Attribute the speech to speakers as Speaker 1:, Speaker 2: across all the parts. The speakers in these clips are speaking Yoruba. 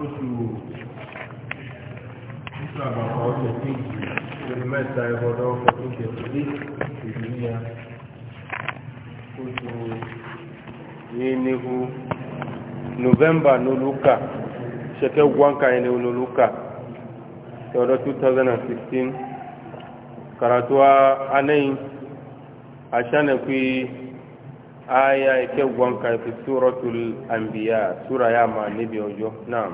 Speaker 1: lóṣù títà àbàkọ ọjọ́ kejì orí mẹ́ta ẹgbọ́dọ̀ ọkọ̀ tó jẹ pé ní a oṣù yéénihu november noluka ṣẹkẹ wanka yẹn ni noluka ọdọ 2016 karatuwa anayin aṣanekwi. آية ke gwanka fi سورة الأنبياء سورة يا ma nabi ojo نعم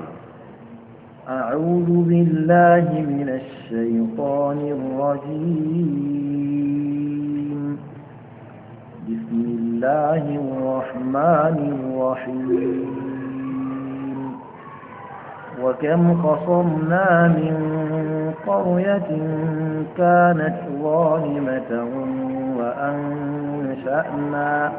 Speaker 2: أعوذ بالله من الشيطان الرجيم بسم الله الرحمن الرحيم وكم قصمنا من قرية كانت ظالمة وأنشأنا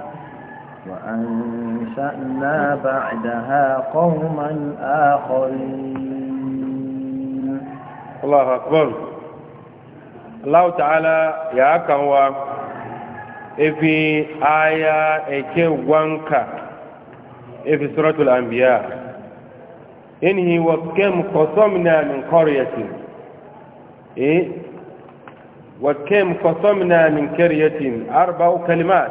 Speaker 2: وأنشأنا بعدها قوما
Speaker 1: آخرين الله أكبر الله تعالى يا كوا في آية وانكا في سورة الأنبياء إنه وكم قصمنا من قرية إيه وكم قصمنا من قرية أربع كلمات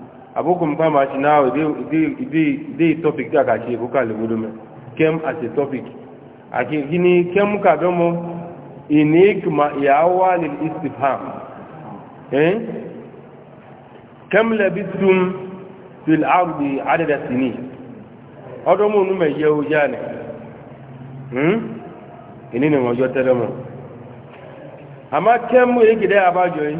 Speaker 1: abokum kama ci nawo dai topic da ka ce kuka lugudu mai kem as a topic a ke gini kem ka gamo enigma yawa lil istifham eh kam labistum fil ardi adada sini odo mo nu me yewu jane hm ini ne mo jotere mo ama kem egide abajo yi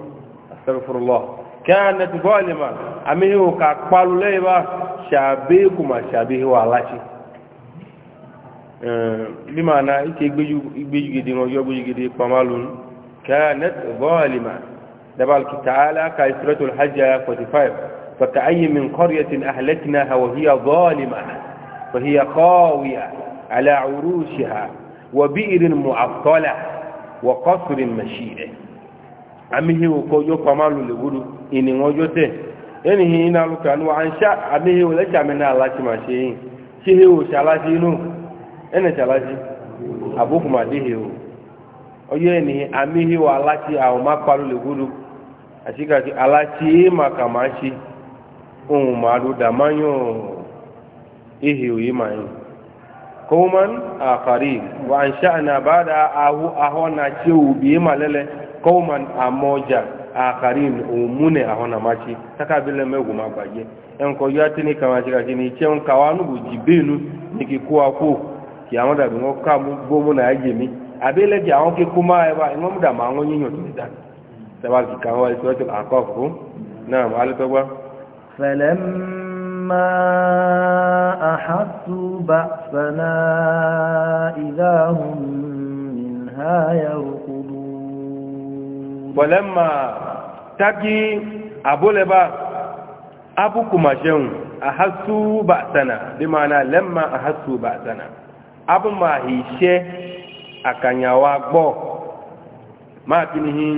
Speaker 1: استغفر الله كانت ظالما امي كقالوا لي با شابيكما شابيه والاشي آه، بما انا ايتي غبيجو دي نو يوغو دي بامالون كانت ظالما دبالك تعالى كسوره الحج 45 آية فكأي من قرية أهلكناها وهي ظالمة فهي خاوية على عروشها وبئر معطلة وقصر مشيئة amihi ko yo pamalu le ini na lu kanu an sha ala chi ma shi chi he o shala ji nu ene ma eni ala chi a o ma palu le wudu asika ki ala chi ma ka ma chi o ma do da manyo ihe ma yi koman akari wa an sha'na bada ahu qauman amoja akharin umune ahona machi taka vile megu mabaje enko yati ni kama chika chini chen kawanu bujibinu nikikuwa ku kiamoda bingo kamu na ajemi abele ja onke kuma eba ngomuda mango nyinyo tida sabaki kawa itoto akofu naam alitogwa
Speaker 2: فلما أحسوا بأسنا إذا هم منها
Speaker 1: bọ̀lẹ́mà tákì àbólẹ́bà abúkùmàṣẹ́hùn àhásù bàtànà bí máa na lẹ́mà àhásù bàtànà abúmà ìṣẹ́ àkànyàwà gbọ́ máa kí ni hin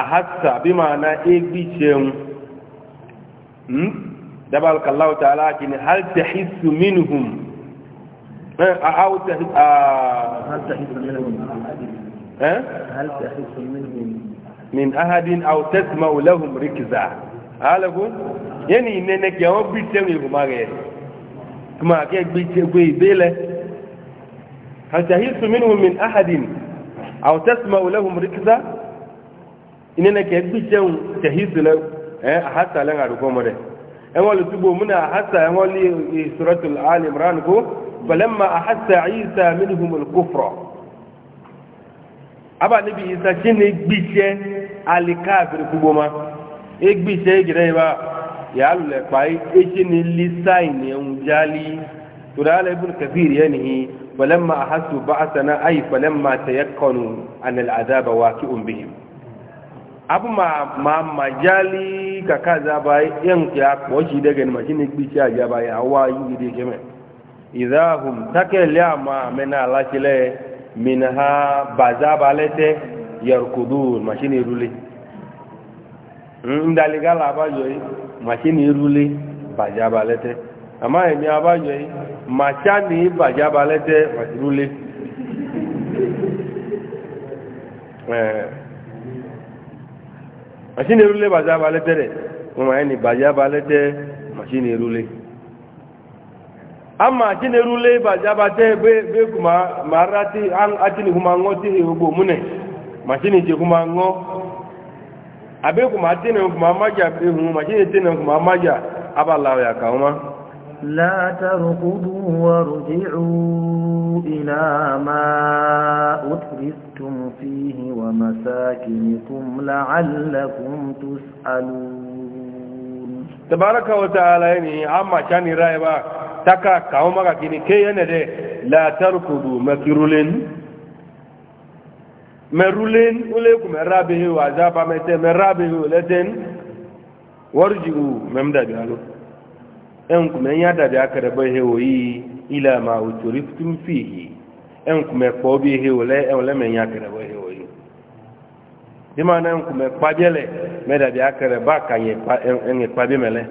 Speaker 1: àhásà bí máa na égbì ṣẹ́hùn dabal kallahu ta'ala kini hal tahissu minhum au hal tahissu minhum min ahadin aw tasma'u lahum rikza alagun yani nene ke on bi te mi ma ge kuma ke bi te gbe ibele hal tahisu minhum min ahadin aw tasma'u lahum rikza inene ke bi te un tahisu la eh hatta la ngaru ko mo de en wala tubo muna hatta en wali suratul al imran ko falamma ahassa isa minhum al aba níbi ìsàkí ni gbíṣẹ́ alikáàbìrì gbogbo ma e gbíṣẹ́ ìgbìrẹ́ ìbá yàálù lẹ̀ pàì eṣẹ́ ni lísáìnì ẹ̀hún jálí tòdá alẹ́bùn kẹfìrì ẹ̀ nìyí pẹ̀lẹ́mà àhásù bá àsànà ayì pẹ̀lẹ́mà tẹ̀yẹ́kọ̀nù ànàlẹ́ àdáàbà wa kí òun bìyìn abu ma ma ma jálí kàkà zaba yẹn kì á pọ̀ sí dẹ́gẹ̀ ni màṣí ni gbíṣẹ́ àjábá yà wá yìí dé kẹ́mẹ̀ ìdáhùn tákẹ́lẹ́ àmà àmẹ́nà aláṣẹ́lẹ́ minha baza balete yarkudun machine irule ndaliga la abajo yi machine irule baza balete. ama emi abajo yi machani baza balete irule eh machine irule bazaba lete de mo ma ni bazaba lete machine irule ama chinerule bajabata ebe beku ma arati atinihumangọ a e ogbo mune ma chinichehumangọ abeku e ma tinihuma maja ihu ma chinitinihuma maja abala ya ka uma
Speaker 2: لا تركضوا وارجعوا إلى ما أترفتم
Speaker 1: فيه ومساكنكم لعلكم tabaraka wa ta'ala yani amma chani rai taka kawo maka kini ke yana da la tarkudu makirulin merulin ule ku merabe wa zaba mete merabe uleten warjiu memda bi alu en ku men yada bi akare ba he oyi ila ma uturiftum fihi en ku me ko bi he ole en ole men yakare ba ima na nkume kpabele medabi akere ba ka nye enye kpabi mele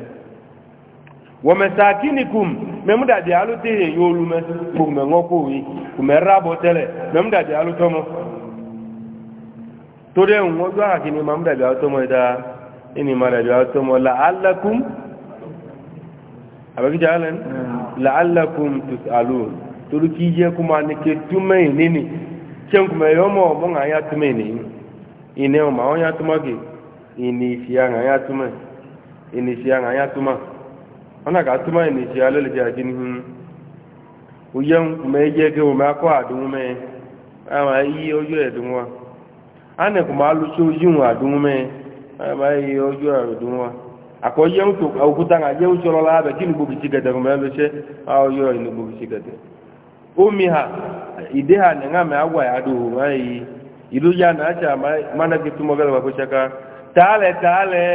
Speaker 1: wa masakinikum memuda bi alute ye yolu me kume ngoko wi kume rabo lɛ, memuda bi aluto mo to de un ojo akini mamuda bi aluto mo da ini ma bi aluto mo la allakum abaki alen? la allakum tusalun turu kije kuma ne ke tume nini chen kuma yomo mo nga ya tume nini ine ma onye atụma gị inisi aṅa ya atụma inisi aṅa ya atụma ọ na ka atụma inisi aleleji adị n'ihu uye nkume eje gị ome akọ adịnwume ama iyi oju edunwa a na kuma alụchi oji nwa adịnwume ama iyi akọ ihe okwuta na abịa gị n'ugbo gede ma emeche oyo n'ugbo gichi gede omi ha ide ha na-enwe ama agwa ya adịghị ilu ya na acha mana gitu mo gele babo chaka tale tale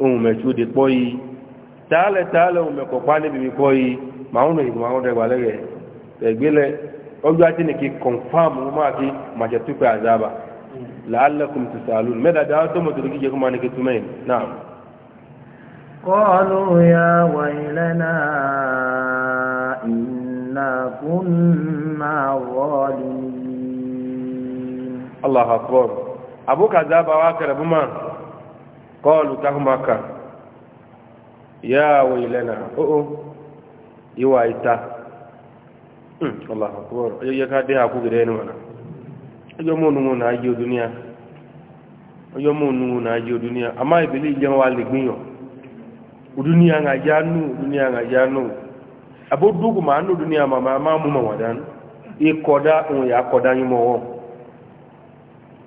Speaker 1: ume chude poi tale tale ume ko pani bi poi mauno ibu mauno de walege egbele ojo ati ni ki confirm ma pe azaba la'allakum tusalun meda da to mo tuki je kuma ni ki tumain inna kunna allah akbar abu kazaba wa karabuma qalu tahmaka ya waylana o oh, o oh, iwa ita hmm, allah akbar yeye ka de aku gire ni wana ojo mo nu na aje dunia ojo mo nu na aje dunia ama ibili je wa le gbin yo dunia nga janu dunia nga janu abu dugu ma anu dunia mama ma mu ma wadan ikoda un ya koda yin mo won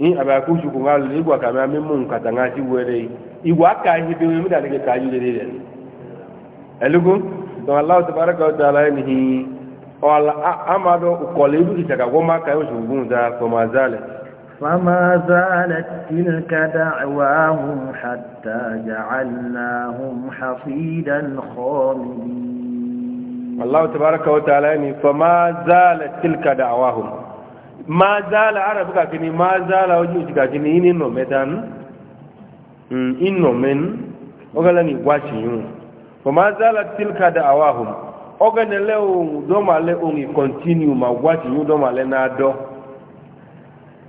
Speaker 1: in aba ku shuku ngalu ni gwa kama mi mun kata ngati were igwa ka hi bi mi dale ka ju de de elugo to allah tabaraka wa taala ni wala amado ukole du kitaka goma ka yo shuku da ko mazale
Speaker 2: فما زالت تلك دعواهم حتى جعلناهم حصيدا
Speaker 1: خامدين الله تبارك وتعالى فما زالت تلك دعواهم ma zala arabu kakini ma zala ojú ti kakini ini nọ mẹtan mm, inọ mẹn ọgala ni wáṣí yun o ma zala tilka da awahun ọgana lẹ ohun dọmalẹ ohun continue ma wáṣí yun dọmalẹ na dọ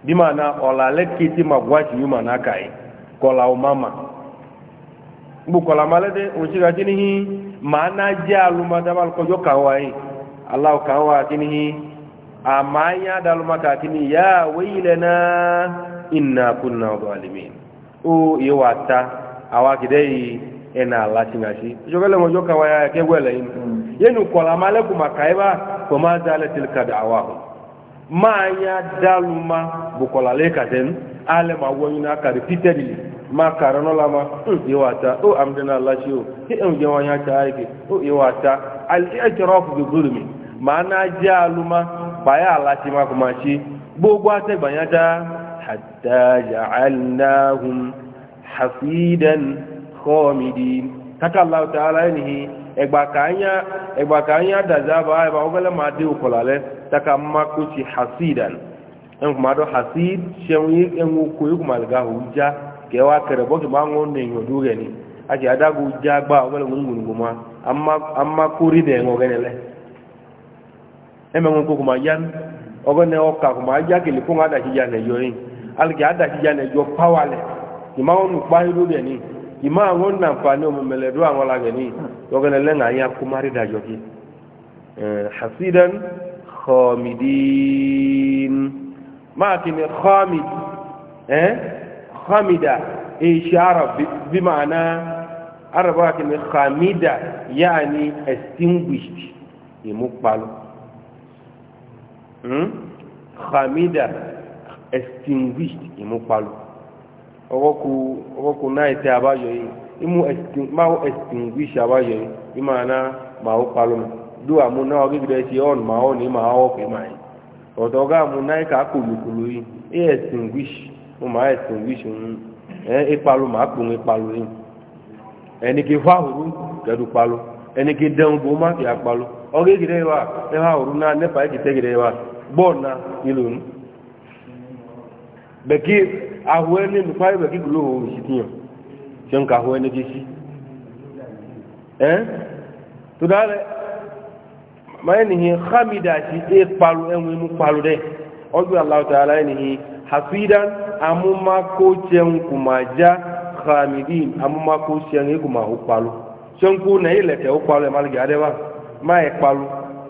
Speaker 1: bí ma na ọlalẹ kété ma wáṣí yun ma na kàí kọla o ma ma gbùkọ̀lá ma lẹ́dẹ̀ òun ti kakini hi ma na jẹ́ alùmọ̀dábàlùkọjọ́ kàwáyé aláwọ̀ kàwáyé kakini hi. amma ya dalu maka kini ya wailana inna kunna zalimin o oh, ye wata awa kidai ena latinga shi jogale mo kawa ya ke gwele in yenu kola male kuma kaiba ko ma zalatil kad'awahu ma ya dalu ma bukola le kaden ale ma wonina ka repeatedly ma karano lama hmm, ye wata o oh, amdana lashi o ke en je wanya ta ake o oh, ye wata al i'tiraf bi zulmi ma na jaluma baya alati ma kuma ci gbogbo ategbanya ta hatta ja'alnahum hafidan khomidin taka allah ta'ala yanihi egbakanya egbakanya da zaba ba ogala ma de ukolale taka maku ci hasidan en kuma do hasid shewi en ko yu kuma ga huja ke wa kare bo ma ngon ne yodu gani aje adagu ja gba ogala ngun ngun ma amma amma kuri de ngogene le emenwe nko kuma yan ogo ne oka kuma aja kele ko ngada hija ne yo yin alki ada hija ne yo pawale ima onu pa iru de ni ima won na nfani o mele do awon la ni ogo ne le ngaya kumari da yo ki eh hasidan khamidin ma kin khamid eh khamida ishara bi ma'ana arba kin khamida extinguished imu palo Hmm? hamida extinguished ìmúpalu ọwọ́ kù náà ìtẹ́ àbáyọ yìí ìmú máa extinguish àbáyọ yìí ìmọ̀ àná máa ó palu mọ̀ dó àmú náà gígìdẹ̀ ṣe ọ̀n máa ọ̀n ní máa ọ̀ máa yìí ọ̀dọ̀ ọgá àmú náà ìka kòlùkòlù yìí ẹ extinguish mo máa extinguish ń máa yìí ẹni kì í fá òru palu ẹni kì í bọ́ọ̀nà ìlú ní bẹ̀kí àhú ẹni lùfáì bẹ̀kí gbùlóhù ìṣìtíyàn tí ó ń ka àhú ẹni jẹ́ sí ẹ́ tó dáálẹ̀ ma ẹni hì hamida sí é palu ẹwùn inú palu dẹ ọjọ́ aláwọ̀tàlá ẹni hì hasidan amúmakó jẹun kò máa já hamidin amúmakó jẹun kò máa ó palu ṣe ń kó náà ilẹ̀ tẹ̀ ó palu ẹ̀ má lè gẹ̀ adẹ́wà má ẹ̀ palu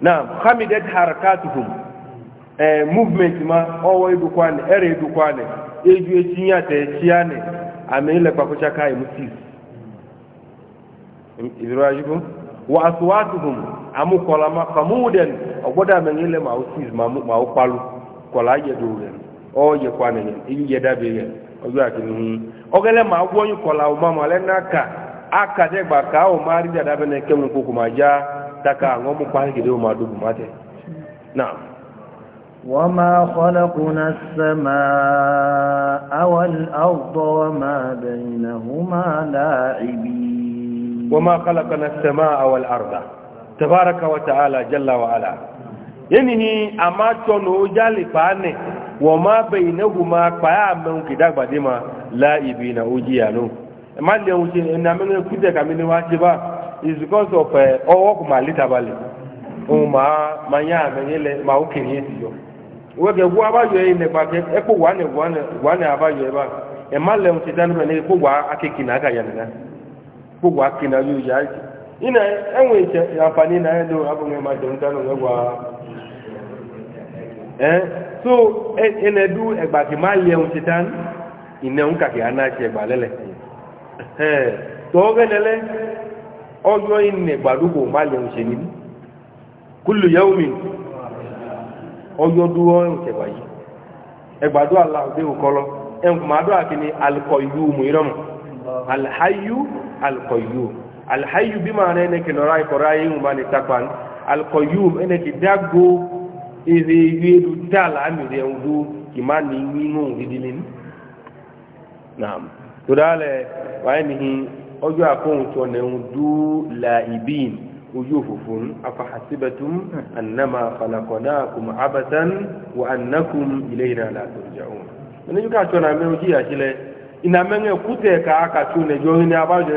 Speaker 1: naam hamidat harakatuhum eh, movement ma owo idukwane ere idukwane eju echinya te chiane ameile kwa kucha kai musis izrajibu wa aswatuhum amu kola ma famudan ogoda menile ma usis ma ma upalu kola ye dure o ye kwane ye ye dabe ye ojo akini ogele ma agwo yin kola o ma ma le naka aka de gba ka o ma ri dadabe ne kemu ko ja taka ngo mu kwa ngide ma du mate na'am
Speaker 2: وما خلقنا السماء والأرض وما بينهما
Speaker 1: لاعبين وما خلقنا السماء والأرض تبارك وتعالى جل وعلا ينهي أما تنو جالي فاني وما بينهما قيا من كدا بديما لاعبين أوجيانو ما اليوم إنما كده كمين واجبا is because of eh, ọwọ́ kò máa lítà òun máa máa yá àmẹ́yẹ lẹ máa ó kiri yẹn ti yọ wẹ́gẹ̀ wọ́n abáyọ yẹn lẹ pàṣẹ ẹ kó wà ní wà ní abáyọ yẹn bá ẹ má lẹ́hùn ti dáná na kó wà akéèkì náà kà kó wà náà yóò yá ìṣẹ̀ àǹfààní náà ẹ̀ abúlé máa jẹun dáná ẹ̀ so ẹnẹ dú ẹgbà má lẹ́hùn ti kàkì ọjọ́ ìnẹ̀ gbàdúgbò má lè ń ṣe níbi kúlù yẹ́ omi ọjọ́ dúró ẹ̀ǹkẹ̀gbà yìí ẹgbàdó aláàdé òkọlọ ẹnkùnmádó àkíní alkọ̀yú mìíràn alhayu alkọ̀yú alhayu bí máa rẹ̀ ẹnẹ́kì lọ́rá ìkọ̀rá ihun bá ní tapan alkọ̀yú ẹnẹ́kì dágbó èrè ìwé ìlú dáàlà àmìrẹ̀ ọdú kì má ní nínú ìdílé ọjọ́ àkóhuntọ́ na ń dú làìbín ojú òfòfún afahasibatum annama khalaqnakum abatan wa annakum ilayna la turja'un wani yi kacọ na mẹ́rin jí àṣílẹ̀ iná mẹ́rin kútẹ̀ ká kàtó nẹjọ́ ní abájọ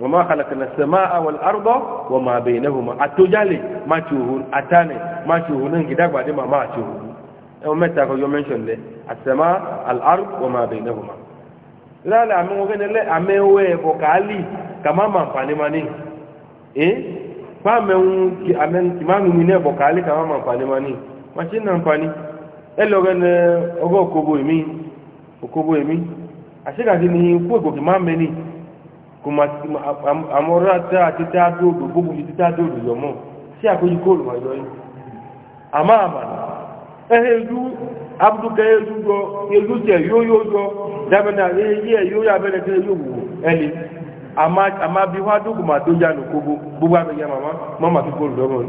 Speaker 1: wọ́n máa kàlàkàlà sẹ́mà àwọn arúgbó wọ́n máa bẹ̀yìn náà wọ́n máa àtọ́jálẹ̀ máa ti òhun àtànẹ̀ máa ti òhun náà ìdágbàdé máa máa ti òhun ẹ̀wọ̀n mẹ́ta kan yọ mẹ́ṣọ̀n lẹ̀ àsẹ́mà àlárúgbó wọ́n máa bẹ̀yìn náà wọ́n máa. lálẹ́ àmì wọn kẹ́ni lẹ́ àmì ẹwẹ́ ẹ̀bọ̀ kàálì kàmá máa nfààní ma ní. ẹ́ fáàmì ẹ̀hún kì àmì a amọ̀rọ̀ àti títàdóòdò gbogbo ti títàdóòdò yọmọ́ sí àkójí kóòlù àjọ yìí àmá àmà ẹ̀hẹ́ ìlú abúdókẹ́ ìlú ìlú yóò yóò yọ dábẹ́nà èyí ẹ̀ yóò yàbẹ́nà tẹ́ yóò wò ẹni àmá bí wá tó yà nù gbogbo màmá mọ́mà tó kóòlù lọ́mọ́ ni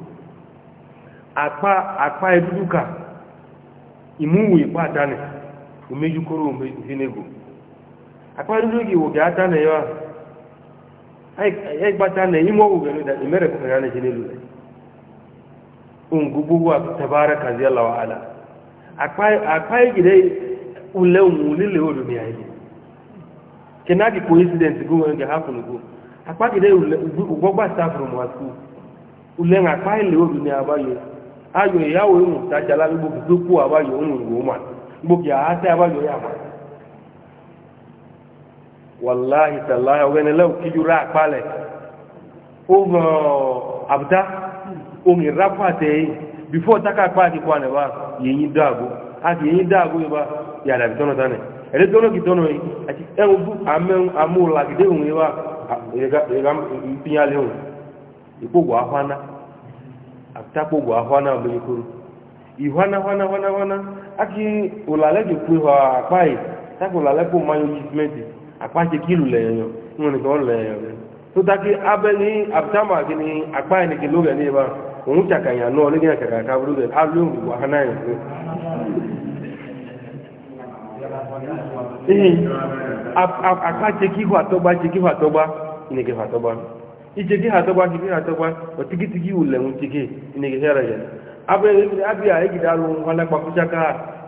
Speaker 1: àpá àpá ẹdúdúkà ìmúwò ìpá àdánì òmejúkóró òmejúkínégò àpá ẹdúdúkì ìwògẹ̀ àdánì yọ́ ẹgbàdánì ìmọ̀wò gẹ̀lúdà ìmẹ́rẹ̀kùnrin ránì jẹ́lélù rẹ̀ ohun gbogbo tàbára kàzí aláwọ̀ àlà àpá ìgìdẹ̀ ulẹ̀ òun lílé òdò ní àyè kìnnàdì coincidence gbogbo ẹgbẹ̀ hápùnugbo àpá ìgìdẹ̀ ugbọ́gbà sáfùrùmù àti ulẹ̀ àpá ìlẹ̀ òdò ní àbáyọ̀ ayo ìyàwó ìmù tájà lábẹ́ gbogbo tó kú àbáyọ ìmù ìwò mà gbogbo àátẹ́ àbáyọ yà mà. wàláhì tàláyà ọ̀gbẹ́ni lẹ́wọ̀ kíjú rà pálẹ̀ ó àbúdá ohun ìrápá bífọ́ tákà pa àti pa dáàbò àti yẹ̀yìn dáàbò yìí bá yàrá àti yìí bá takpo bu ahwana obi kuru ihwana hwana hwana hwana aki ulale ju ku ha apai takpo ulale ku mayo jismeti apa se kilu le yo ko le to taki abeni abtama gini ni kilu ga ohun chakanya no ka buru ga alu ni wa yo eh apa se ki ho atoba se ki ni ke ije gị ha tọgba gị gị ha tọgba otigiti gị ule nwuchi gị inegi here ya abịa egide alụ nwana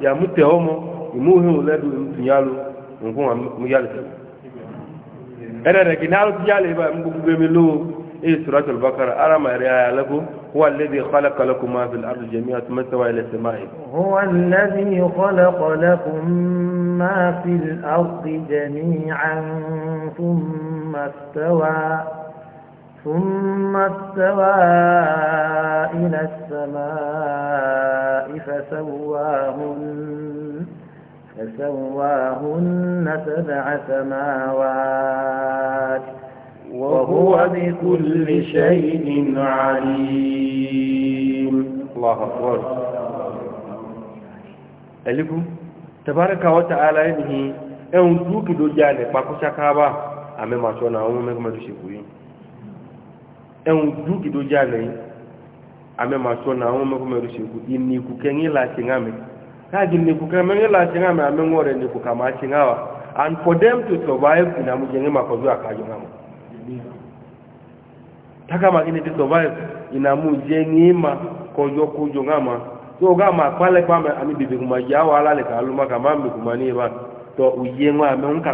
Speaker 1: ya mute ọmụ imuhe ule alụ erere gị na tụji ala ebe a mgbogbo emelo ايه سورة البقرة أرى ما رأي لكم هو الذي خلق لكم ما في الأرض جميعا ثم استوى إلى السماء
Speaker 2: هو الذي خلق لكم ما في الأرض جميعا ثم استوى ثم استوى إلى السماء فسواهن فسواهن سبع سماوات وهو بكل شيء
Speaker 1: عليم الله أكبر ألكم تبارك وتعالى إنه أن توكدوا جانب ما أمي ما شونا أمي ما تشكوين ẹ̀hùn dúkìdó já nẹ̀yìn amẹ́màtọ́ na àwọn ọmọkùnrin mẹ́rin ṣekú ìníkù kẹ́yìn láti ń àmì káàdì ìníkù kẹ́yìn láti ń àmì amẹ́wọ̀n rẹ̀ ìníkù kà máa ti ń àwà and for them to survive ní àmújẹ ní màkọ̀dú àkájọ náà takama kí ni to survive ní àmújẹ ní màkọ̀dú kójọ náà ma tó o ká máa pálẹ̀ pàmẹ́ àmì bèbè kùmà yà wà lálẹ́ kà ló má kà má mi kùmà ní ìbá tó òye wọn àmẹ́ ń kà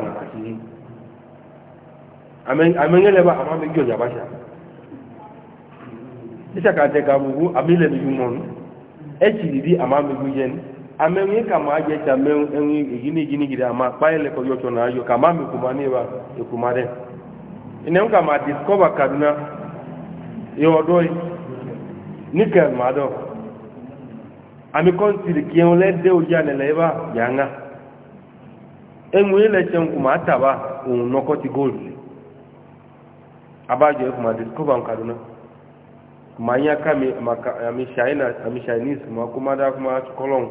Speaker 1: isa ka te ka mugu amile mi yumon e ama mi gujen ame mi ka ma je ta me en gini gini gira ama kpaa ile ko yoto na ayọ kama mi kuma ni ba e ine ka ma discover kaduna yo doi nikel ma do ami kon tiri ki en le de o ya ne le ba yanga enwe ile chen kuma ata ba un nokoti gold abajo e kuma kaduna manyaka amishainese ma kuma da kuma kolon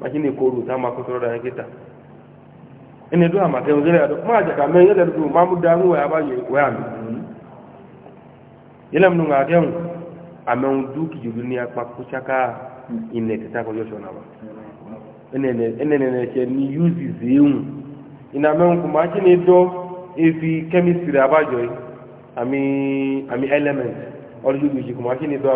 Speaker 1: mashine koru ta ma kusuro da hankita ina duwa maka yanzu ne ma jaka mai yadda da ma mu da waya ba yi waya mi yana mun ga kan amen duki jiru ni apa kuchaka ine ta ko yosho na ba ene ene ne ke ni use zeun ina men kuma kini do efi chemistry abajo ami ami element ọdún gbèsè kò kí ni tó a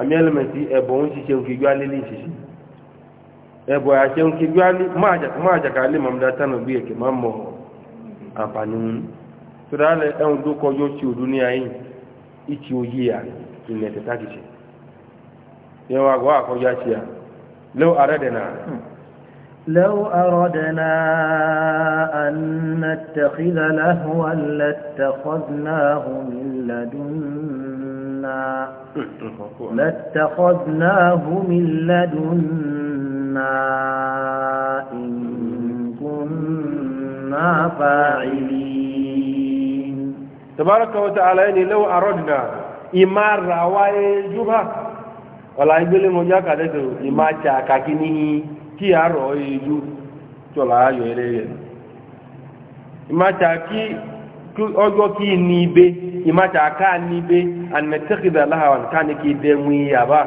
Speaker 1: àmì ẹlẹmẹtì ẹbọ ń ṣiṣẹ òkèjú alẹ lè ṣiṣẹ àṣẹ òkèjú máa jàkà lè tánà bí ẹ̀kẹ́ máa mọ̀ àǹfààní wọn tó dáálẹ̀ tó kọjọ́ tí òdú ní ayé
Speaker 2: لو أردنا أن نتخذ لهوا لاتخذناه من لدنا لاتخذنا لاتخذناه من لدنا
Speaker 1: إن كنا فاعلين تبارك وتعالى لو أردنا إما رواي الجبهة ولا يقول المجاك هذا إما شاكاكيني كي أروي الجبهة تلا يريد إما جاكي. ọjọ́ kí ní ibe ìmájà aká ní ibe ànìmẹ̀tẹ́kìdà láhàwà ká ní kí dẹ̀mú ìyàbá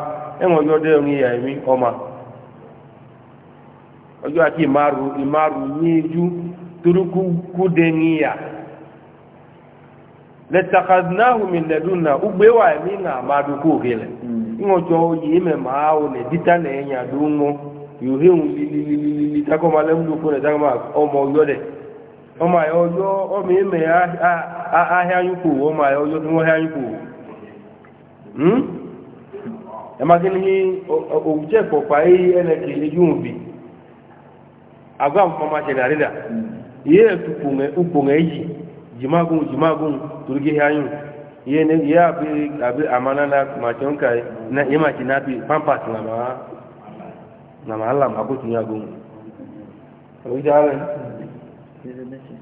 Speaker 1: ẹ̀wọ̀n ọjọ́ dẹ̀mú ìyàmí ọmọ ọjọ́ àti ìmáàrù ìmáàrù ní ijú torúkú kú dẹ̀mú ìyà lẹ́tàkàdínáhùnmí lẹ́dúnà ugbé ọmọ ya ọjọ́ ọmọ ime ahịa anyụkwu ọmọ ya ọjọ́ tí wọ́n hịa anyụkwu ẹmaka ní òwúchẹ́ pọ̀pá yìí ẹnẹ́kì ejú òbí àgọ́ àmọ́mọ́ ṣẹlẹ̀ àrídà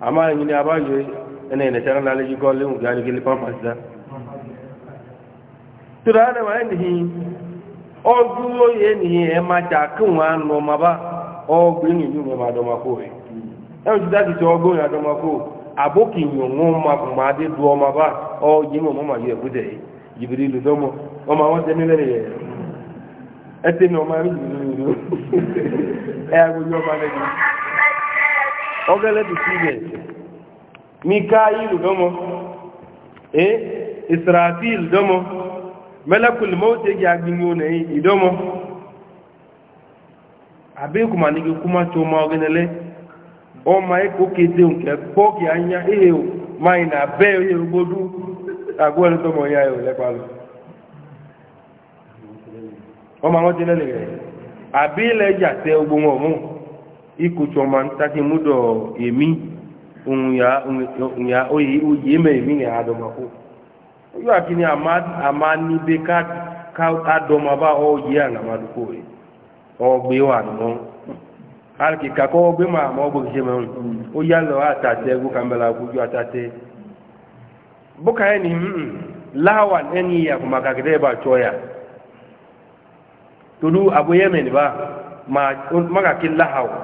Speaker 1: àmọ́ ẹ̀yìn ni abájọ ẹni ìnẹ̀ṣẹ́ rán lálẹ́ yíkọ́ léhùn gbá nígbélé pàmpàṣá tó dáa náà wáyé nìyí ọdún lóye nìyí ẹ máa ta kí wọn á nọ ọmọ bá ọgbìn nìyí rẹ ti máa dé du ọmọ bá ọyẹ jìbìrì ọmọ àwọn ẹ ọmọ ẹ ogele disibe mikail domo e israfil domo malakul maut yake eji ne idomo abe kuma ni kuma to ma ogenele Ọ ma ko kete nke po anya ihe na be oye ogbodu agwele ya ma ikutsɔ ma ntaki mu dɔ emi ŋuya oyi oye oye emi ŋa adɔma ko yɔ akini ama ama ni be ka ka adɔma ojii ɔye anama do ko wa nɔ aliki kakɔ ma ama ɔgbe kisɛ mɛ ŋu oya lɛ atatɛ ko kamɛla ya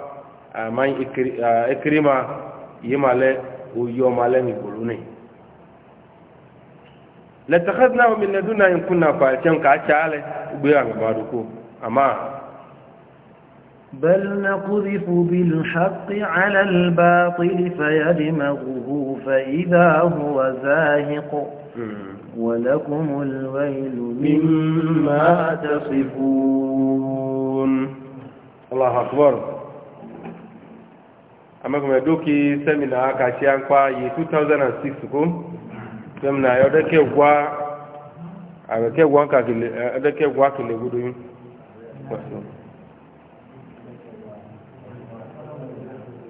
Speaker 1: àmà ekirima yìí ma lẹ oyè ọmọ alẹ́ ní ìgbòló ni. lẹ́tàkàtà omi lẹ́dún náà ń kúnna fà ẹ̀kẹ́ nǹkan àti àlẹ́ gbé àmì àdókò àmà.
Speaker 2: بل نقذف بالحق على الباطل فيدمغه فإذا هو زاهق ولكم الويل
Speaker 1: مما تصفون الله أكبر amekume doki semina kashi ankwa yi 2006 ko semina yo deke gwa abeke gwa ka kile eh, deke gwa kile gudu yin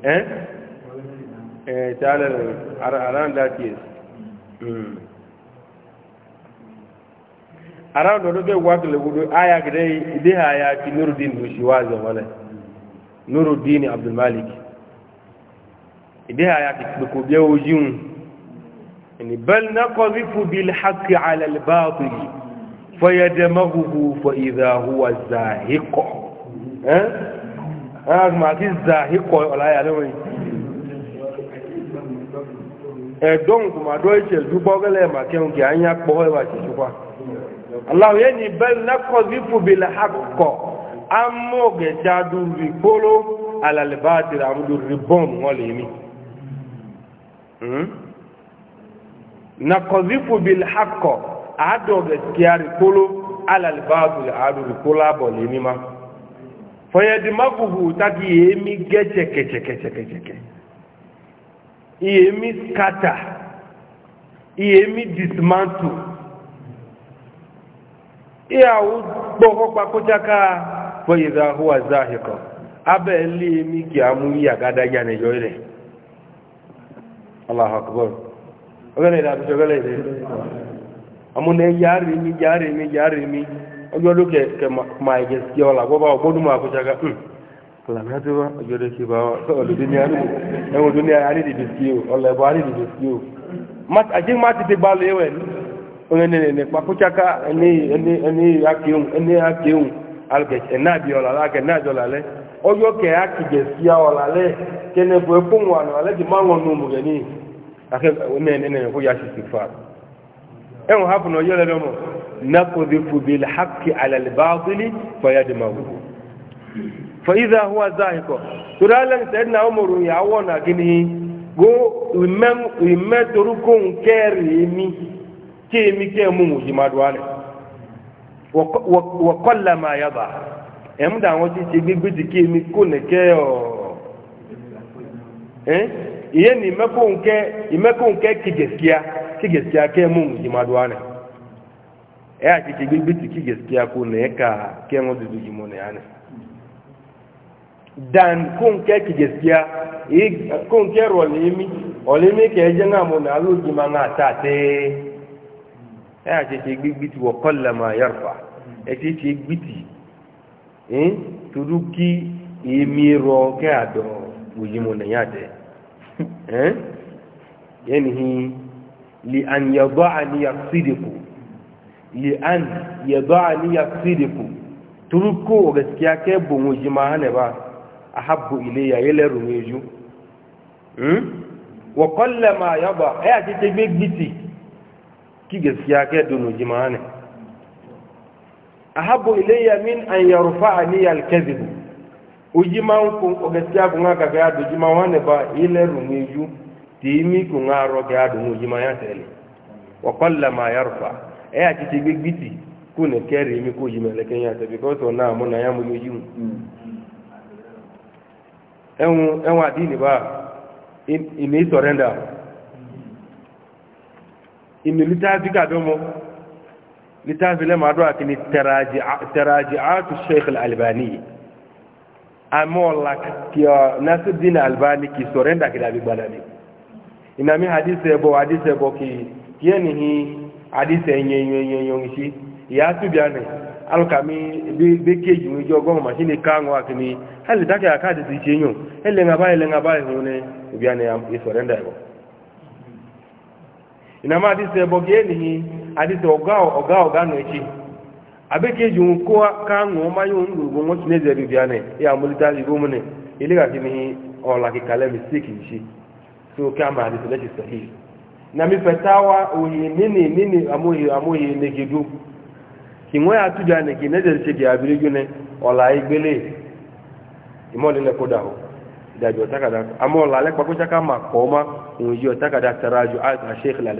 Speaker 1: eh eh tale around that years mm around do deke gwa kile gudu aya gide ide aya ki nuruddin bushiwaze wala nuruddin abdul malik إديها ياك بكوبيا وجيون يعني بل نقذف بالحق على الباطل فيدمغه فإذا هو الزاهق ها أه؟ ما في الزاهق ولا يعلمني donc ma doy cel du bogale ma ken ki anya ko hoy wa ci kwa allah yani bal naqdhifu bil haqq amoge Hmm? na kɔzifu bil hakɔ a dɔ gaskiya rikolo alal babu a do rikolo abɔle ni ma fɔyɛdimabuhu taki ye mi gɛcɛ kɛcɛ kɛcɛ kɛcɛ kɛ iye mi kata iye mi dismantu iyawo gbɔkɔ kpakotsaka fɔyɛdahu azahi kɔ abɛ li mi kì amu yi agadajanɛ yɔ Allahu akbar ogele da bi ogele de amune yari mi yari mi yari mi ojo ke ke ma ge si ola go ba ma ko jaga ki ba o ni e o ari di o akẹ́kọ̀ọ́ yà ṣiṣẹ́ fà ẹ̀wọ̀n hapun ọjọ́ rẹ̀ lọ́mọ nakodi fubil haki alalibabili fayadimawu fayiza huwa zahiko tura alan sayidina umaru ya awon na gini go ime toruko nkẹri emi kí emi kí emu mu jima duwale wakọla ma yaba ẹmu da àwọn ti ṣe gbígbé ti kí emi kó nìkẹ́ ọ̀ ẹ́ ihe ni imekọ nke imekọ nke kigesia kigesia ke mu mu jimadu ane e a ti kigbi biti kigesia ko ne e ka ke mu dudu jimo ne ane dan ko nke kigesia e ko nke rolimi olimi ke je na mu na lu jima na ta te e a ti kigbi biti wa qallama yarfa e ti kigbi biti eh turuki emi ro ke ado mu jimo ne yade yanhi li an yada'ani yaqsidiku li an yada'ani yaqsidiku turko gaskiya kai bon wuji ma ne ba ahabbu ilayya yele rumeju hmm wa qallama yaba aya ce ce gbiti ki gaskiya kai don wuji ma ne ahabbu ilayya min an yarfa'ani al-kadhibu ujima nku ogesia kunga ka ga du jima wane ba ile rumiju timi kunga ro ga du ujima ya tele wa qalla ma yarfa e a ti gbigbiti kune keri mi ko jima le kenya te because ona mo na ya mu yuju ehun ehun adini ba imi surrender imi litafi ka domo litafi le ma do akini taraji tarajiatu shaykh al-albani amola kio Nasruddin Albani ki sorenda kila bibadani inami hadisi ebo hadisi ebo ki tieni hi hadisi enye enye enye yongishi ya tubiane alukami bi bi keji wi jogo ma shini kango akini hali take akadi ti chenyo ele ngabai ele ngabai hune biane ya sorenda ebo inama hadisi ebo ki eni hi hadisi ogao ogao gano echi abeke jun ko ka ngo ma yo ndu go mo tine zeru biane ya mulita li go mune ile ga kini o la ki kale mistake shi so ka ma hadith la shi sahih na mi fatawa o yi nini nini amoyi amoyi ne gidu ki ngo ya tu jane ki ne der shi ki abiri gune o la igbele imo le le koda ho da jo takada amo la le pa ko chaka sheikh al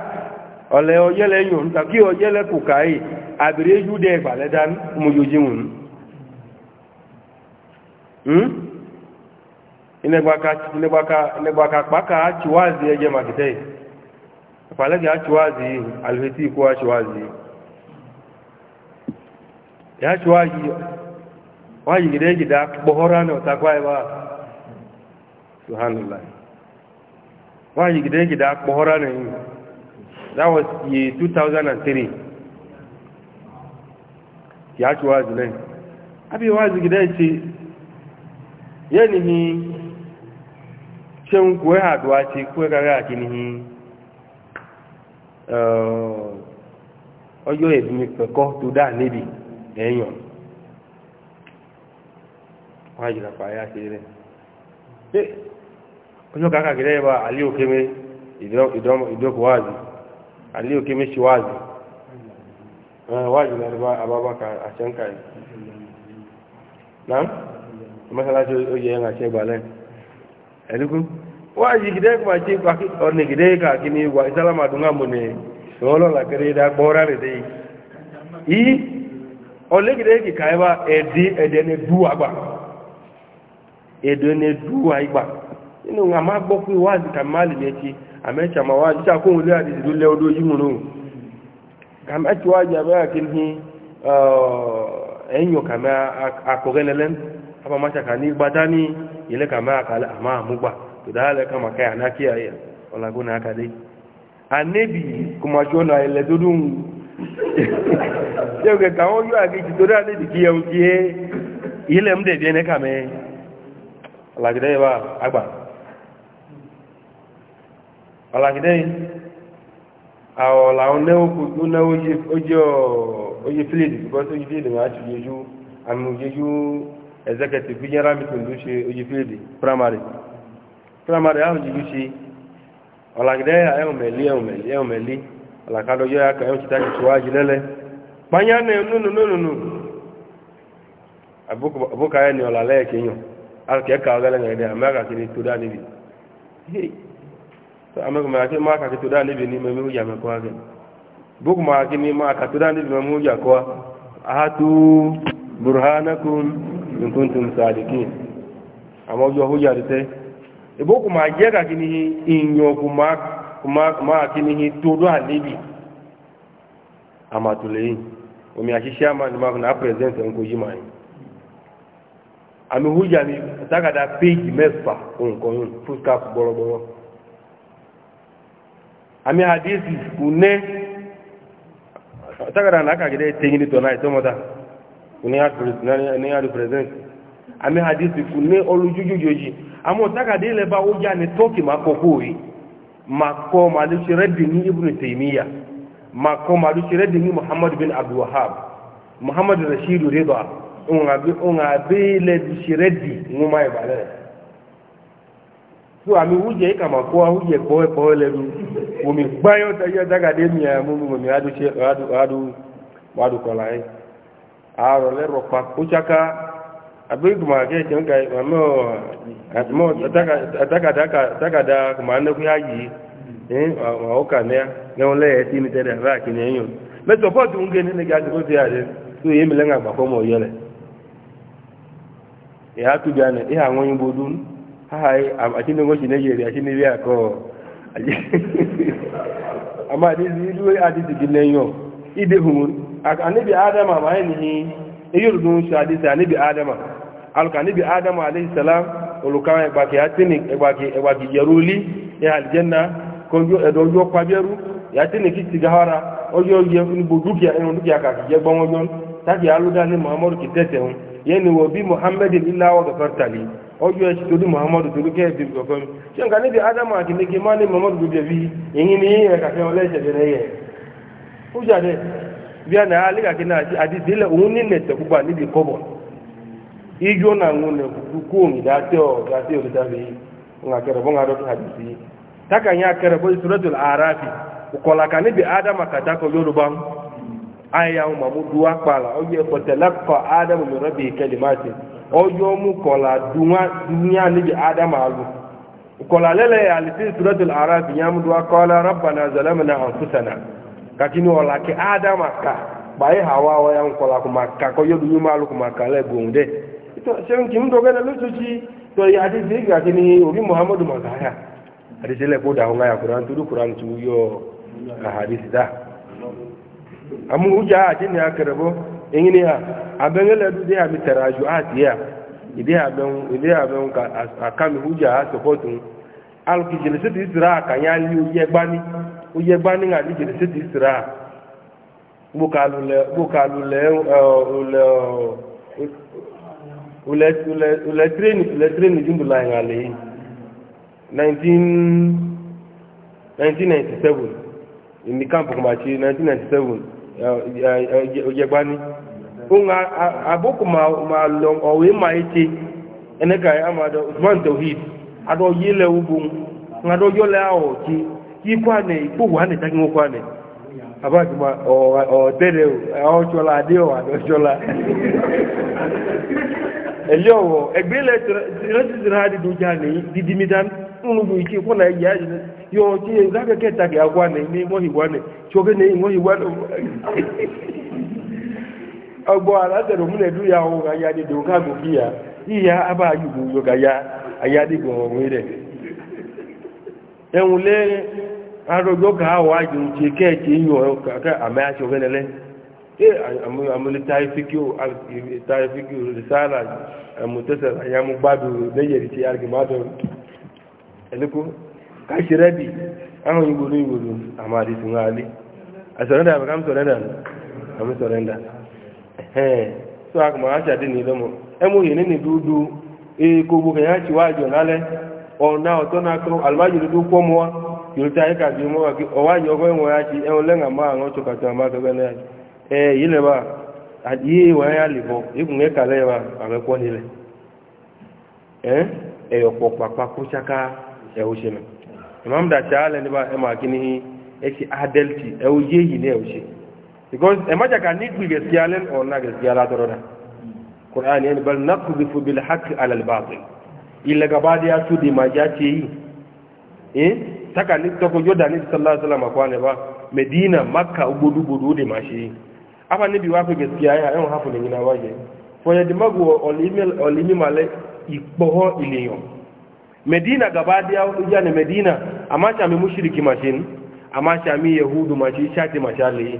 Speaker 1: ọlẹ ọjẹlẹ yòó nta kí ọjẹlẹ kò káyè àbèrè ju dẹ ìgbàlẹ dání mojoji wọn. inegbaka kpaka achiwazi ẹjẹ magide ìpàlẹ́gì achiwazi alifeti ikú achiwazi ya chiwazi wáyé gidẹ gidẹ akpọhọrọ ní ọ̀takwa ẹwà suhanullah wáyé gidẹ gidẹ akpọhọrọ ní ẹ̀yìn that was year 2003 ya ci wazi nan abi wazi gidan ce yanihi cin kuwa haduwa ce kuwa kare a kinihi ọjọ́ ìdúnmí pẹ̀kọ́ tó dá níbi ẹ̀yàn wọ́n yìí lápá ayá ṣe rẹ̀ ọjọ́ kàkàkì lẹ́yìn bá alé òkèmé ìdókòwàzì aliyokimeshi wazi wazi eh, na ababakar a can kayi na masalaci oye yana ce balen eliku wazi gida kuma ce ọ̀nà gida ka kini wa isalama dunga mu ne lọ́lọ́la kere da gbọ́ra rẹ̀ dẹ̀ yìí ọ̀lẹ́ gida yìí ba ẹ̀dẹ́ ẹ̀dẹ́ ne du agba ẹ̀dẹ́ ne du agba nínú àmà gbọ́ pé wazi kamali àmẹ́ta ma wá jíta kó wọlé àdìsí tó lẹ́ odó yímú nù kàmẹ́tì wá jẹ́ abẹ́ àkíní ẹ̀yìn kàmẹ́ akọ̀rẹ́lẹ́lẹ́n abamata kà ní gbadá ní ilé kàmẹ́ àkàlẹ́ àmà àmúgbà tó dáhàlẹ́ kàmà káyà náà kí ayẹ ọ̀làgún náà kàdé anẹ́bì kọmọṣọ́ náà àgbà alagidẹ́yìn àwọ̀ làwọn nẹ́wọ́kú náà oye fílìdì because oye fílìdì wọ́n á ti yẹjú àmì òyẹjú executive bí yẹn rámi tòun ló ṣe oye fílìdì primary primary àwọn yìí ṣe alagidẹ́yìn ẹ̀hùnmẹ̀lí ẹ̀hùnmẹ̀lí ẹ̀hùnmẹ̀lí alakadọ́jọ́ yà kà ẹ̀hùn ti tàbí tòwájì lẹ́lẹ́ pányánà nùnùnùnùnù àbúkà ẹ̀ ní ọ̀làlẹ́ ame kuma ake ma kake to da ne bi ni me mu ya me kwa ke bu kuma ake ni ma ka to da ne bi mu ya kwa ahatu burhanakum in kuntum sadiqin ama yo hu ya de ibo kuma je ka kini inyo kuma kuma ni ma kuna present en ko yima yin ami ami hadisi une tagara na aka gida tengini to na ito mota kuni ya present ni ya present ami hadisi une olujuju joji amo taka de le ba uja ni toki makokoi mako malishi ni ibn taymiya mako malishi rabbi ni muhammad bin abdul muhammad rashid ridha unga bi le shiredi ngumai balere so ami huje kama kwa huje poe poe le mumi gbayo da ya daga de mi ya eh, mumi mumi adu che adu adu wadu kolai eh. aro le ro pa uchaka abigu ma ke chen kai eh, mamo atmo daga daga daga daga da kuma ne ku yayi eh o ka ne ne ole ti mi tere ra ki ne yo me to po tun gene ne ga ko ti ya de tu ye mi lenga gba ko mo yele e tu ga ne e ha won yin bodun ha ai ati ne ngo chi ne yeri ati ne bi akọ amma hadisi idu hadisi gillen yau ide hun annabi adama ma nihi iyur dun shi hadisi annabi adama alka annabi adama alayhi salam olukan egbaki atini egbaki egbaki yaruli ya aljanna konjo edojo kwaberu ya tini kitigahara ojo ye nbo dukia enu dukia ka je gbon ojo taki aluda ni muhammadu kitete hun yeni wo bi muhammadin illa wa gafartali ọjọ́ ẹ̀ṣì tó dún muhammadu tó lókẹ́ ẹ̀bí gọ̀gọ́mí ṣe n ka níbi adamu àkíníkí máa ní muhammadu tó jẹ́ bí yìnyín ní yìnyín ẹ̀kàfẹ́ ọlẹ́ṣẹ̀dẹ̀ rẹ̀ yẹ̀ fújàdẹ̀ bí a náà alẹ́kàkí náà àdìdílẹ̀ òun ní nẹ̀tẹ̀ púpà níbi kọ́bọ̀ ijó náà ń ayyahu mamudu wa kpala oye ko talaqa adamu min rabbi kalimatin ọjọ́ mú kọ̀là dúnyà níbi adam alu kọ̀là lẹ́lẹ̀ àlìsí suratul arab yàmùdú akọ́lá rabbana zalamna anfusana kàkínú ọ̀là kí adam aka báyé hawa ọ̀yà ń kọ̀là kùmà ká kọjọ́ dúnyà máa lù kùmà ká lẹ́gbọ̀n dẹ́ ṣẹ́yìn kì í dọ́gẹ́ lọ lóṣù sí tọ́ yà àti sí ìgbà Muhammadu ni orí muhammadu makaya àdìsí lẹ́kọ́ dàhùn náà kùrán tó dúkùrán tó yọ àhàdìsí dá àmúhùjá àti ní akẹrẹbọ́ ingini ha abin yana duk da ya mi taraju a tiya ide abin a kami hujja a supportun alki jelisiti isra ka ya ni oye gbani oye gbani nga ni jelisiti isra ule eh, treni jundula nga lehi 1997 in the camp kumachi 1997 oye gbani nga aboko ma ma long owe ma iti. ene ka ya ma do usman tawhid ado yele ubun nga do yole awo ti ki kwa ne ipo wa ne tangi kwa ne abaki ma o o tere o chola de o ado chola eliowo egbele register hadi do jani bu e ya yo ti kwa ne ni mo hi kwa ne ne mo hi kwa ọgbọ alátẹrù múlẹ dúyà ohun ayáde dòun káàbò bíyà yíya abá ayùbù yọgà ya ayáde gbọmọ wí rẹ ẹhùn lé arọjọ káàwọ àjòun tí kẹẹkì yàn kàkà àmì àṣọ fẹnẹlẹ ẹ àmúlẹ táyẹfíkì rìsáàlà àmùtẹsẹ àyàmú gbádùn lẹyẹrì tí arìgbàdọ ẹnìkú káṣírẹbì àwọn ee so a ma acha dị n'ile m emụghị nene dudu ekogbo ka ya chiwa jọ n'ale ọna ọtọ na akụ almajiri dị ụkwọ mụwa yorita anyị ka ji mụwa gị ọwa ji ọgọ enwe ya chi enwele nga ma aṅụ chọkata ama gagana ya ee yi yileba ihe iwe ya libọ ikwu nwe kala ya amekwo niile ee ẹyọpọ e pàpà kúchaka ẹwùsẹ e mi imam dacha alẹ níbà ẹ máa kí ni ẹ ti adẹlti ẹwù yéyì ní ẹwùsẹ. because emajaka ni gbi gaskiya len o na gaskiya la toro na qur'ani yani bal naqdhifu bil haqq ala al batil illa gabadi ya tudi majaci yi eh taka ni to ko joda ni sallallahu alaihi wasallam ko ne ba medina makka ubudu budu de mashi apa ni bi wa ko gaskiya ya en hafu ni na waje fo ya dimagu olimel olimi male ipoho iliyo medina gabadi ya uja ne medina amacha mi mushriki mashin amacha mi yahudu mashi shati mashali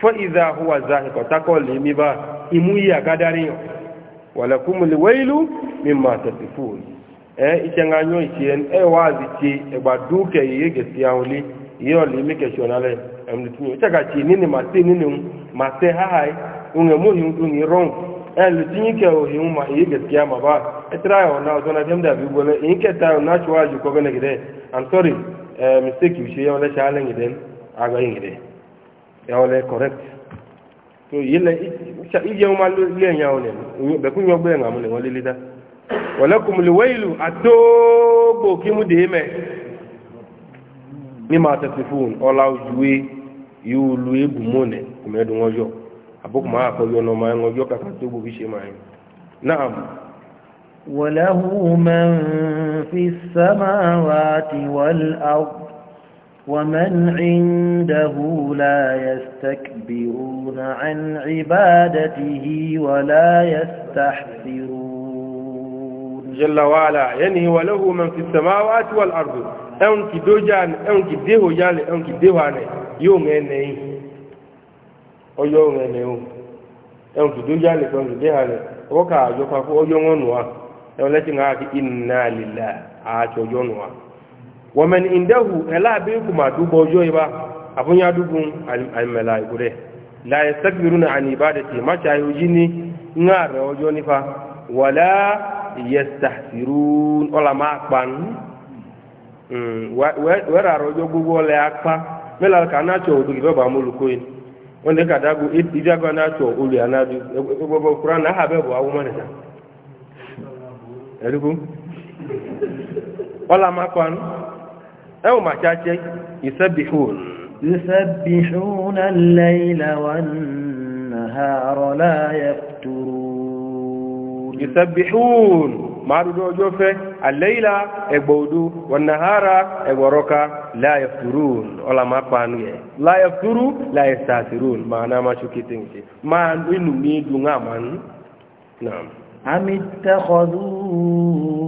Speaker 1: فإذا هو زاهق تقول a إمويا قدرين ولكم الويل مما تصفون eh ichenganyo ichien e e baduke yege tiauli yo limike shonale amnitinyo chaka chi nini mati nini mate hai unge muhi ungi rong e litinyi ke ohi uma yege tiama ba etra ona ozona kemda bibole inke tayo na chwaju kogene gide i'm sorry eh mistake you share ole yàwọn lẹ correct so yìí lẹ ìjẹun máa lé ẹ̀yìn àwọn lẹ bẹ̀kú yọ gbé ẹ̀ngàmú lẹ wọ́n lé lédá wọ́n lẹ́kùn àtógbò kí mú dèé mẹ́ ní máa tẹ̀sí fún ọlá ojúwé yóò lu egbò mọ́nẹ̀
Speaker 2: wọ́n ومن عنده لا يستكبرون
Speaker 1: عن عبادته ولا يستحسرون جل وعلا يعني وله من في السماوات والأرض أنك دوجان أنك ديهو جال أنك ديواني يوم أني أيوم أني أنك دوجان أنك ديهاني وكا جوكا أيوم أنوا أولئك إنا لله أتوجنوا wọ́n ìndẹ́hù ẹ̀láàbínkù máa dúbọ̀ ọjọ́ ibá àbúnyádúgbùn àìmẹ̀lá ìkúrẹ̀ láyé sẹ́gbìrún ní ńlá rẹ̀ ọjọ́ nípa wàlá ìyẹsàtìrún ọlà máa pa ọjọ́ gbogbo ọlẹ̀ apá gbogbo máa pa ẹwọ ma ṣáṣẹ́ ìsẹ́bìhún
Speaker 2: ìsẹ́bìhún aláìlà wọn
Speaker 1: nàhàrọ̀ láyẹ̀ tóró ìsẹ́bìhún máa dúdú ọjọ́ fẹ́ aláìlà ẹgbọ̀ odó wọn nàhàrà ẹgbọ̀rọ̀ka láyẹ̀ tóró ọlá máa pàánú yẹ láyẹ̀ tóró láyẹ̀ sàtìrò máa náà máa ṣókè tẹ̀ǹtẹ̀ máa inú mi dùn àmà náà. àmì
Speaker 2: tẹ́kọ̀ọ́dún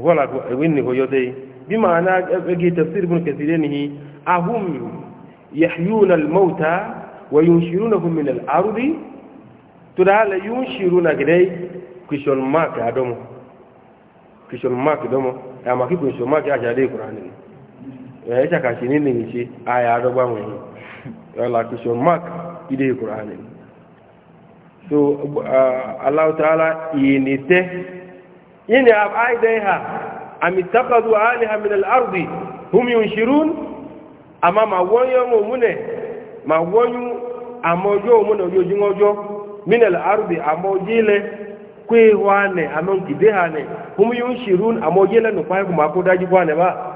Speaker 1: wala ko winni ko yodey bi maana gi tafsir ibn kathir ni ahum yahyuna al mauta wa yunshirunahum min al ardi tudala yunshiruna gidai kishon mak adomo kishon mak domo ya maki kishon mak ya jade qur'ani ya ta ka shi ni ni shi aya do ba mu wala kishon mak ide qur'ani so uh, allah ta'ala yinite yini ab'aidaiha am ittakhadhu alaha min al-ardi hum yunshirun ama ma wonyo mune ma wonyu amojo mune ojoju ngojo min al-ardi amojile kwe wane amonkidehane hum yunshirun amojile no kwa kuma ko daji kwane ba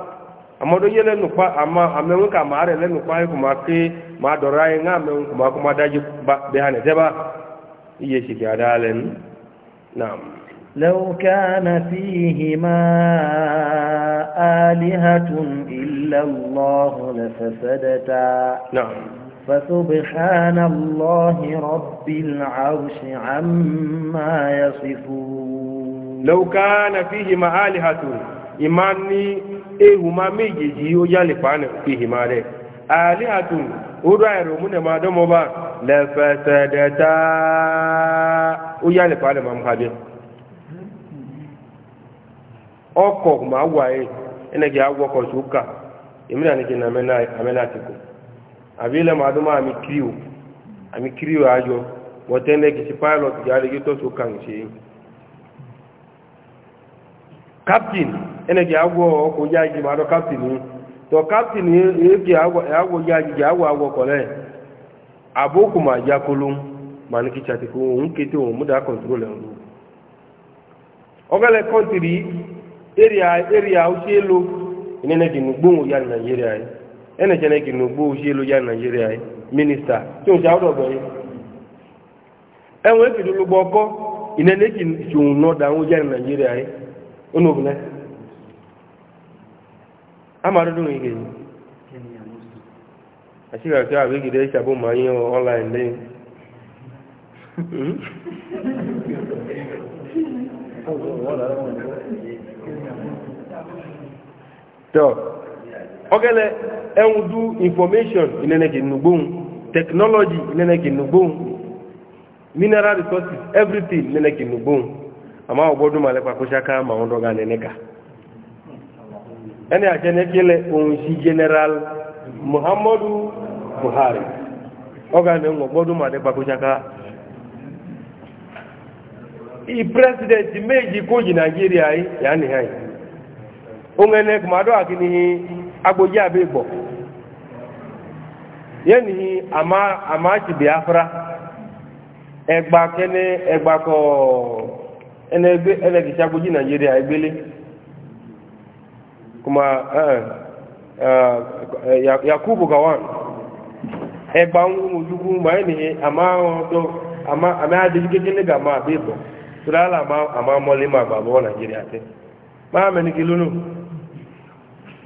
Speaker 1: amodo yele no kwa ama amewu ka mare le no kwa kuma ke ma dorai nga amewu kuma kuma daji ba behane teba iye shiki adalen naam
Speaker 2: لو كان فيهما آلهة إلا الله لفسدتا نعم فسبحان الله رب العرش عما
Speaker 1: يصفون لو كان فيهما آلهة إيماني إيهما ميجي يجالفان فيهما لك آلهة أرائر من ما دموا لفسدتا ويالفان ممخابين ọkọ̀ ma wà ẹ́ ẹnẹ́gì agbọ́kọ̀ ṣókà ìmìnà ní kí n àmẹ́nà àtìkù àbí àmì kíríò àmì kíríò àjọ wọ́tẹ́ndẹ́gì sí pilot gàrígí tó ṣókà ṣe captain ẹnẹ́gì agbọ́ ọkọ̀ yáàjì màdọ́ captain ní tọ́ captain ẹ̀ẹ́gì agbọ́ yáàjì àbókù ní òun kété òun ọgọ́lẹ̀ kọ́ntìrì eria ochi elu gbo ya na naijiria anyị eh. enechana gị na ochi elu ya na anyị eh. minista chụcha ụdọgọnye eh. enwe ekidolu gba ọkọ ya na naijiria anyị unu obula amadụdụ nwe gị anyị ọnlaịn lee tọ ogele enwudu information ineneki nugbon technology ineneki nugbon mineral resources everything ineneki nugbon ama ogbodu male pakoshaka ma ondo ga neneka ene ajene kile ohun si general muhammadu buhari oga ne ogbodu male pakoshaka i president meji koji nigeria yi ya ni hayi ongene kumado akini agboji abe gbo yeni ama ama ti biafra egba kene egba ko ene egbe ene ki agboji nigeria egbele kuma eh eh yakubu gawan egba ngu jugu ma yeni ama odo ama ama adiji kene gama ma abe gbo tura la ma ama mole ma gba bo nigeria te ma meniki lunu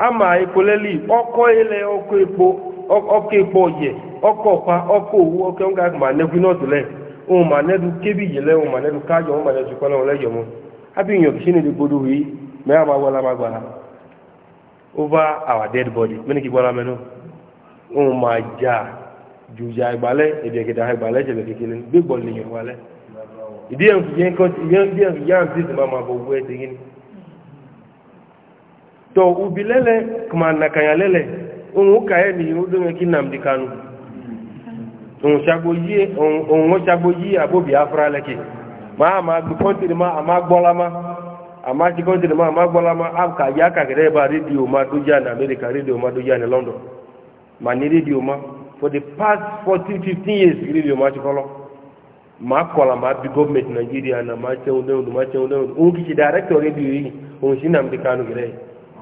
Speaker 1: ama ma ọkọ ele ọkọ epo ọkọ epo ọyẹ ọkọ ọpa ọkọ owu ọkọ ẹwọn ma nẹkwi nọọtù lẹ ma nẹdu kébi yẹ lẹ ma nẹdu kájọ ma nẹdu kọlẹ ohun lẹyọ mọ happy new york ṣe ni gbogbo mẹ ma over dead body mẹni kí mẹnu ma jùjà lè ìdí ẹ̀ ń fi kọ́ ìdí ẹ̀ ń fi tɔ ubi lele kuma nakanya lele ohun ụka ya na ihu dome ki nnamdi kanu ohun chagbo yi abo biafra leke ma a ma gbu kọntiri ma a ma gbọla ma a ma ti kọntiri ma a ma gbọla ma a ka ya ka kere ba redio ma doja na america redio ma doja na london ma ni redio ma for the past 14 15 years redio ma ti kọlọ ma kọla ma bi gọọmenti nigeria na ma chewu o ma chewu o ohun kìí ṣe director redio yìí ohun sí nnamdi kanu kere yìí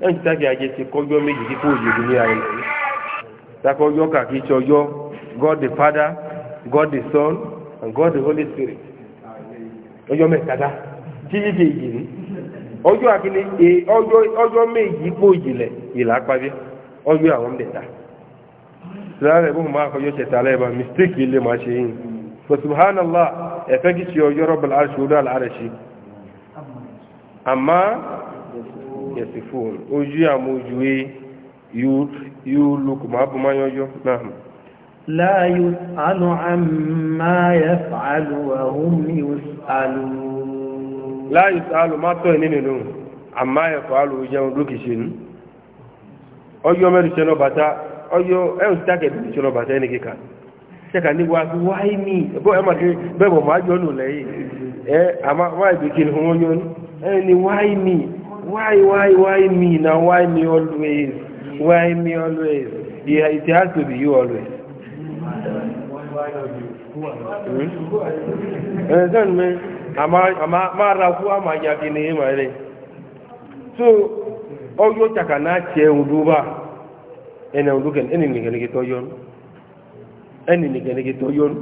Speaker 1: ẹ̀yìn tàbí ajé ti kọjọ́ méjì tí kò yẹ ní ayé lẹ́yìn takọjọ́ kàkí god father god son and god holy spirit ọjọ́ mẹ́tàdá e, ọjọ́ ọjọ́ méjì jìlẹ̀ ìlà ọjọ́ àwọn mẹ́ta máa kọjọ́ ṣẹta mistake ilé máa ṣe yìí ẹ̀fẹ́ kìí ṣe ọjọ́ rọ́bàlá ṣe àmá yasifun ojú àmójúwé yóò lókùn máa bù máa yọjọ́ náà
Speaker 2: لا يسأل
Speaker 1: عما يفعل وهم يسألون لا يسأل ما تهنين لهم عما يفعل وجاون دوكشين ọjọ́ mẹ́rin ṣẹlọ bàtá ọjọ́ ẹ̀rùn tágẹ̀dì ṣẹlọ bàtá ẹni kíkà ṣẹ́kà ní wá wáyé kí máa nù lẹ́yìn àmà wáyé bí kí ni wọ́n yọ wáyé why, why, why me now? Why me always? Why me always? Yeah, it has to be you always. Ẹ̀sán mi, máa ra fún àmà yàgì ní ìmọ̀ rẹ̀. So, ọjọ́ chàkà náà ṣe òdúbà ẹni òdúkẹ̀ ẹni nìgẹ̀nìgẹ̀ tó yọ́n. Ẹni nìgẹ̀nìgẹ̀ tó yọ́n.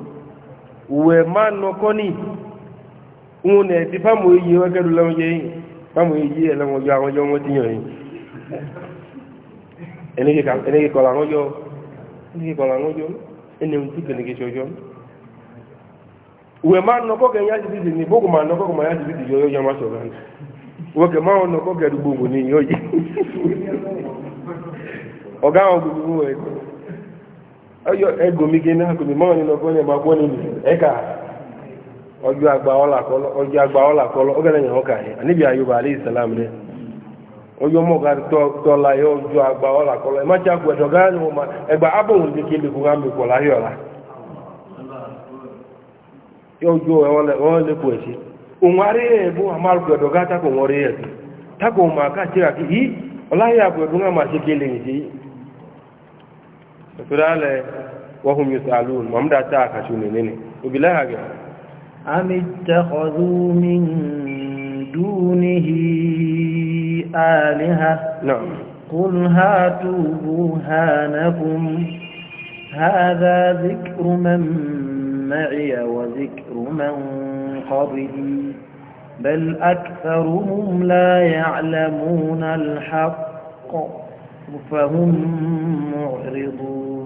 Speaker 1: Wẹ̀ máa nọkọ́ ní, òun nẹ̀ ti fámù iye wẹ́kẹ́rù lẹ́wọ́n yẹ́ yìí báwọn èyí ẹ̀ lọ́wọ́ ọjọ́ àwọn ọjọ́ wọ́n ti yàn yìí ẹnìkẹ́ kọ̀ọ̀lá àwọn ọjọ́ ẹnìkẹ́ kọ̀ọ̀lá àwọn ọjọ́ ẹni ohun tí kẹ̀lẹ́kẹ́ ṣe ọjọ́ ìwẹ̀ máa nọkọ́ kẹ̀ yájú bíbí ni bókù máa nọkọ́ kọ̀ máa yájú bíbí yọ yọ máa sọ̀rọ̀ wọ́n kẹ̀ máa nọkọ́ kẹ̀ dùgbò wò ní yọ yìí ọ̀gá àwọn gbogbo ẹ̀gbọ́n ẹgbòmíkẹ́ náà kò ní máa nínú ọgbọ́n ẹ̀ máa gbọ́n nínú ẹ̀ka ọjọ́ agba ọlà kọlọ ọjọ́ agba ọlà kọlọ ọgẹ́lẹ̀ yẹn ọkà yẹn àníbi ayọba alẹ́ ìsàlámù rẹ ọjọ́ mọ̀gá tọ́la yẹ ọjọ́ agba ọlà kọlọ ẹ̀ má ti àkú ẹ̀dọ̀ gáyà ni mo ma ẹgbà abóhùn ní kéde kó hàn mí pọ̀ láyé ọ̀la ọjọ́ wọn lè kó ẹ̀sí òun arí ẹ̀ bó àmà àkú ẹ̀dọ̀ gá tako wọn rí ẹ̀sí tako wọn máa káàkiri àti yí ọláyé àkú ẹ̀dọ̀ máa ṣe kéle nìyí ìtura lẹ wọ́n fún mi sàlù mọ̀múdà tá àkàtúnì nínú òbí láyà
Speaker 2: أم اتخذوا من دونه آلهة نعم قل هاتوا برهانكم هذا ذكر من معي وذكر من قبلي بل أكثرهم لا يعلمون الحق فهم
Speaker 1: معرضون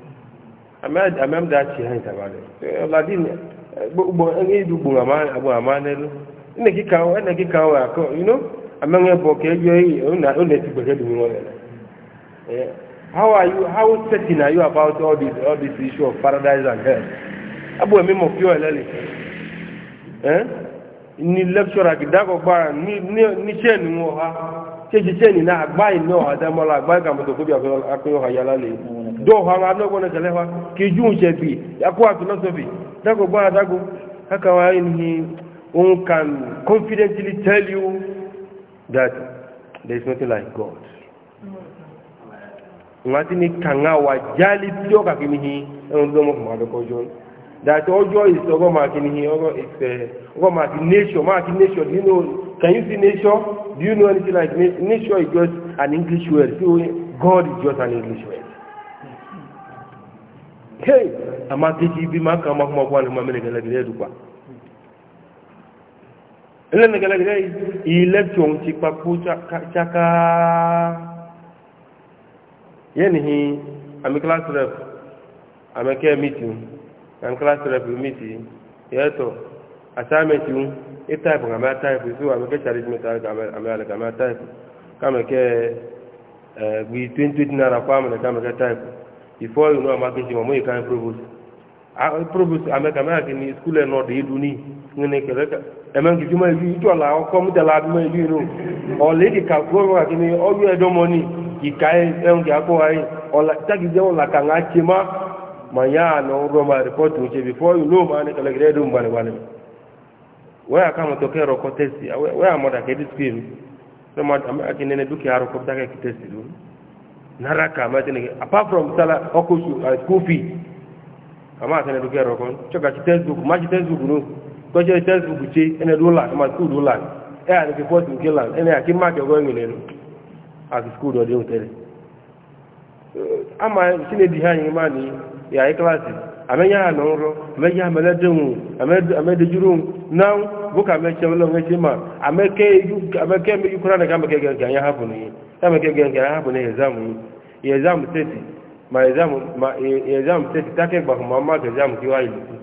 Speaker 1: amẹ́mdà ṣe hàn ìtàbálẹ̀ ọ̀làdín gbogbo ẹgbẹ̀rún gbogbo àmọ́ àmánẹ́lú ẹnẹ kíkà ọ ẹnẹ kíkà ọ àkọ́ inú amẹ́rẹ́ bọ̀ kẹjọ yìí ó nẹ̀ ti gbẹ̀gẹ́ dùn wọn how are you how certain are you about all this all issue of paradise and hell abu ha ṣéṣiṣẹ́ nínú bi do hawa no gona galewa ki jun chepi akwa philosophy dago bwana dago haka wa ni un can confidently tell you that there is nothing like god ngati ni kanga wa jali tio ka kini hi en do mo ma ko jon that ojo is ogo ma kini hi ogo is eh, ogo ma nature ma kini nature do you know can you see nature do you know anything like nature is just an english word so god is just an english word hey amma keji bi ma kama kuma kwa ma mene gele gele du kwa ele ne gele gele i lecture ti pa ku chaka yen hi ami class rep ami ke meeting am class rep meeting yeto assignment un e type ngama type so ami ke charge me type ami ala kama type kama ke eh bi 20 naira kwa kama ke type before you know amakinji mamo yi kan provost provost amẹka mẹka kini school ẹ nọọdọ yìí duni ní kẹlẹ ẹmẹ nkìtì mọ ìlú ìjọ la ọkọ mọtẹlá abimọ ìlú yìí nù ọlẹdì kakúrò mẹka kini ọyọ ẹdọ mọ ni ìka ẹhùn kí akọ wáyé ọlà jákèjẹ ọlà kà ńà tsi má mà nyà àná ọdọ ma rìpọtù ń tse before you know ma ní kẹlẹ kẹlẹ ẹdọ mbali wàlẹ wẹ́yà kàmú tó kẹ́ rọkọ tẹ́sì wẹ́yà mọ̀dà kẹ́ dìskìrì ní ọmọdé akínẹ́nẹ́ dúkìá rọkọ tó kẹ́ tẹ́sì lónìí. nara kama tene apart from sala oko school fee ama tene do kero kon choka ci facebook ma ci facebook no ko ci facebook ci ene do la ma school do la e ani ke la ene aki ma ke go ngene no school do de a ama sine di anyị ma ni ya e class amenya no ro ameya mele de mu amed amed juru now buka me chemlo ameke ameke na kama ke ga ya ni sáàmì kẹgẹ kẹrẹ ààbò ní ẹ̀zàmù yìí ẹ̀zàmù tẹ́tì ma ẹ̀zàmù tẹ́tì tákẹ́gbà fún mamá ẹ̀zàmù kí wá ìlúkú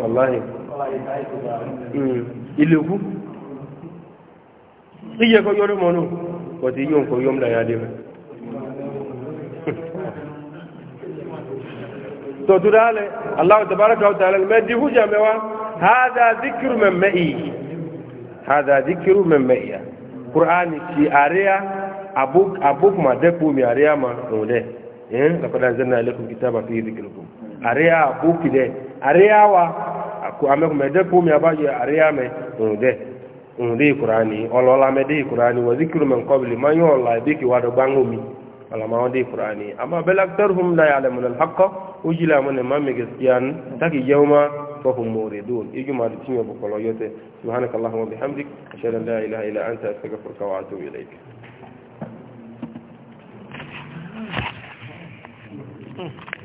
Speaker 1: wàláhì ìlúkú hmm, iye kọ yọrọ mọ́nú kò tí yóò kọ yọm dáyà dé mẹ́
Speaker 2: tọ́tù dáálẹ̀
Speaker 1: aláwọ̀ tàbárakà ọ̀tàlẹ̀ mẹ́dí hújà mẹ́wàá hádà díkìrù mẹ́mẹ́ ìyí hádà díkìrù mẹ́mẹ́ ìyá qur'ani ki area abuk abuk ma de ku mi area ma ole eh laqad anzalna ilaykum kitaba fi dhikrikum area abuk de area wa aku amek me de ku mi abaje area me ole ole qur'ani olola me de qur'ani wa dhikru man qabli man yola biki wa do bangomi alama wa de qur'ani amma bal aktaruhum la ya'lamuna al-haqqa ujila man ma taki yawma فهم موردون إجمع التيمية بقلويته سبحانك اللهم وبحمدك أشهد أن لا إله إلا أنت أستغفرك وأتوب إليك
Speaker 2: Mm-hmm.